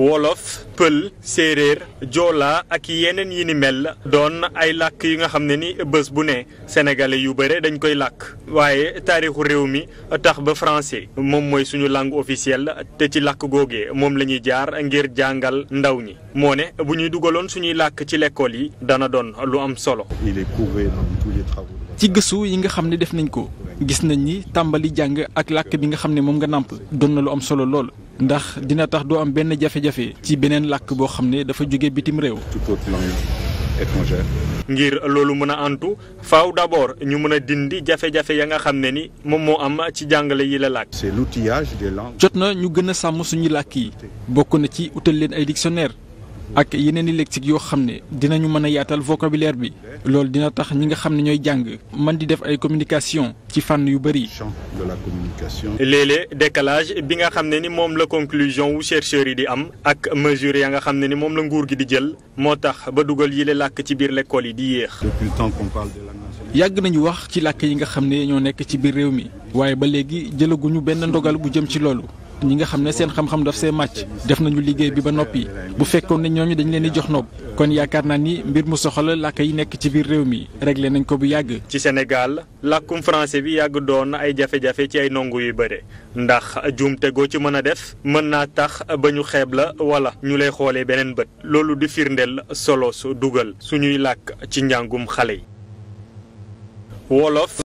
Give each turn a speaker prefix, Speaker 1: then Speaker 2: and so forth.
Speaker 1: wolof pël séeréer joola ak yeneen yi ni mel doon ay làkk yi nga xam ne ni bés bu ne sénégalais yu bare dañ koy làkk waaye taarixu réew mi tax ba français moom mooy suñu langue officielle te ci làkk googee moom la ñuy jaar ngir jàngal ndaw ñi moo ne bu ñuy dugaloon suñuy làkk ci lekkool yi dana doon lu am solo
Speaker 2: ci gëstu yi nga xam ne def nañ ko gis nañ ni tàmbali jàng ak làkk bi nga xam ne moom nga nàmp doon na lu am solo lool ndax dina tax doo am benn jafe-jafe ci beneen làkk boo xam ne dafa jóge bitim réew.
Speaker 1: ngir loolu mën a antu faaw d'abord ñu mën a dindi jafe-jafe ya nga xam ne ni moom moo am ci jàngale yi la làkk. c'est l'outillage des langues.
Speaker 2: jot na ñu gën a sàmm suñu làkk yi bokk na ci utal leen ay dictionnaire ak yeneen i lexique yoo xam ne dinañu mën a yaatal vocabulaire bi loolu dina tax ñi nga xam ne ñooy jàng man di def ay communication ci fànn yu bëri.
Speaker 1: de la communication. décalage bi nga xam ne ni moom la conclusion wu chercheurs yi di am ak mesure ya nga xam ne ni moom la nguur gi di jël moo tax ba dugal yi la làkk ci biir lekkool yi di yéex.
Speaker 2: yàgg nañu wax ci làkk yi nga xam ne ñoo nekk ci biir réew mi waaye ba léegi jëlaguñu benn ndogal bu jëm ci loolu. ñi nga xam ne seen xam-xam daf see màcc def nañu liggéey bi ba noppi bu fekkoon ne ñooñu dañ leen di jox nopp kon yaakaar naa ni mbir mu soxla làkk yi nekk ci biir réew mi réglé nañ ko bu yàgg.
Speaker 1: ci Sénégal làkkum français bi yàgg doon ay jafe-jafe ci ay ndongo yu bëre ndax juumte goo ci mën a def mën naa tax ba ñu xeeb la wala ñu lay xoolee beneen bët loolu di firndeel solo su dugal suñuy làkk ci njàngum xale yi